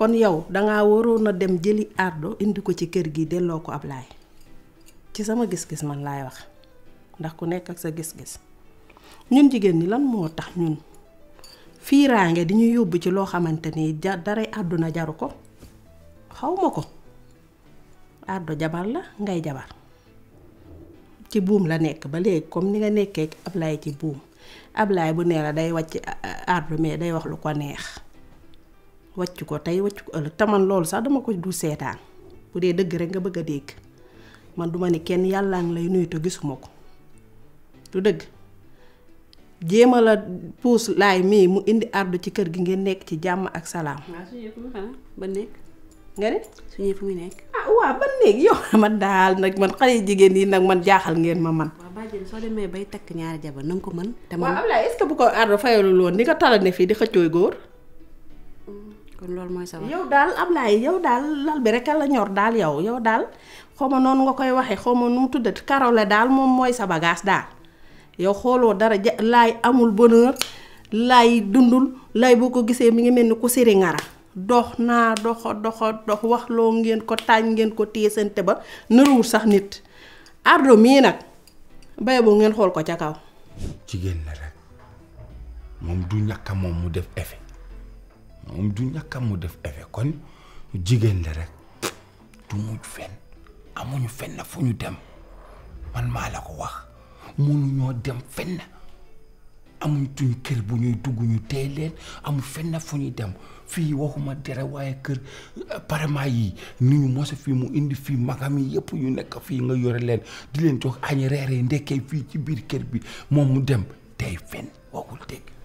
kon yow dangaa waroon a dem jëli ardo indi ko ci kër gi delloo ko Ablaay ci sama gis-gis man laay wax ndax ku nekk ak sa gis-gis ñun jigéen ñi lan moo tax ñun fiiraange di ñu yóbbu ci loo xamante ni ja daray àdduna jaru ko xaw ma ko ardo jabar la ngay jabar ci buum la nekk ba léegi comme ni nga nekkee Ablaay ci buum Ablaay bu nee la day wàcc ardo mais day wax lu ko neex wàcc ko tay wàcc ko taman loolu sax dama ko du seetaan bu dee dëgg rek nga bëgg a dégg man duma ni kenn yàllaa ngi lay nuyu te gisuma du dëgg jéema la puus laay mii mu indi ardu ci kër gi ngeen nekk ci jàmm ak salaam. waaw suñu yëfu mu ba nekk. nga ne suñu fu mu nekk. ah waaw ba nekk yow man daal nag man xale jigéen yi nag man jaaxal ngeen ma man. waaw bàjjen soo demee bay takk ñaari jabar na ko man est-ce que bu ko ardu fayalul woon ni nga talane fii di xëccooy góor. Mm. kon loolu mooy sa yow daal Ablaye yow daal lal bi rek la ñor daal yow yow daal xaw ma noonu nga koy waxee xaw ma nu mu tuddati karole daal moom mooy sa bagaas daal yow xooloo dara ja laay amul bonheur lay dundul lay boo ko gisee mi ngi mel ni ku siri ngara dox naa doxa doxa dox loo ngeen ko tàñ ngeen ko téye sante ba nëruwul sax nit ardo mii nag bay ngeen xool ko ca kaw moom du ñàkk moom mu def effet moom du ñàkk mu def effet kon jigéen la rek du mujj fenn amuñu fenn fu ñu dem man maa la ko wax ñoo dem fenn amuñ tuñ kër bu ñuy dugg ñu tey leen amul na fu ñuy dem fii waxuma dara waaye kër parement yi ni ñu mos fii mu indi fii magam yi yëpp ñu nekk fii nga yore leen di leen jox añ reere ndekkee fii ci biir kër bi moom mu dem tey fenn waxul dégg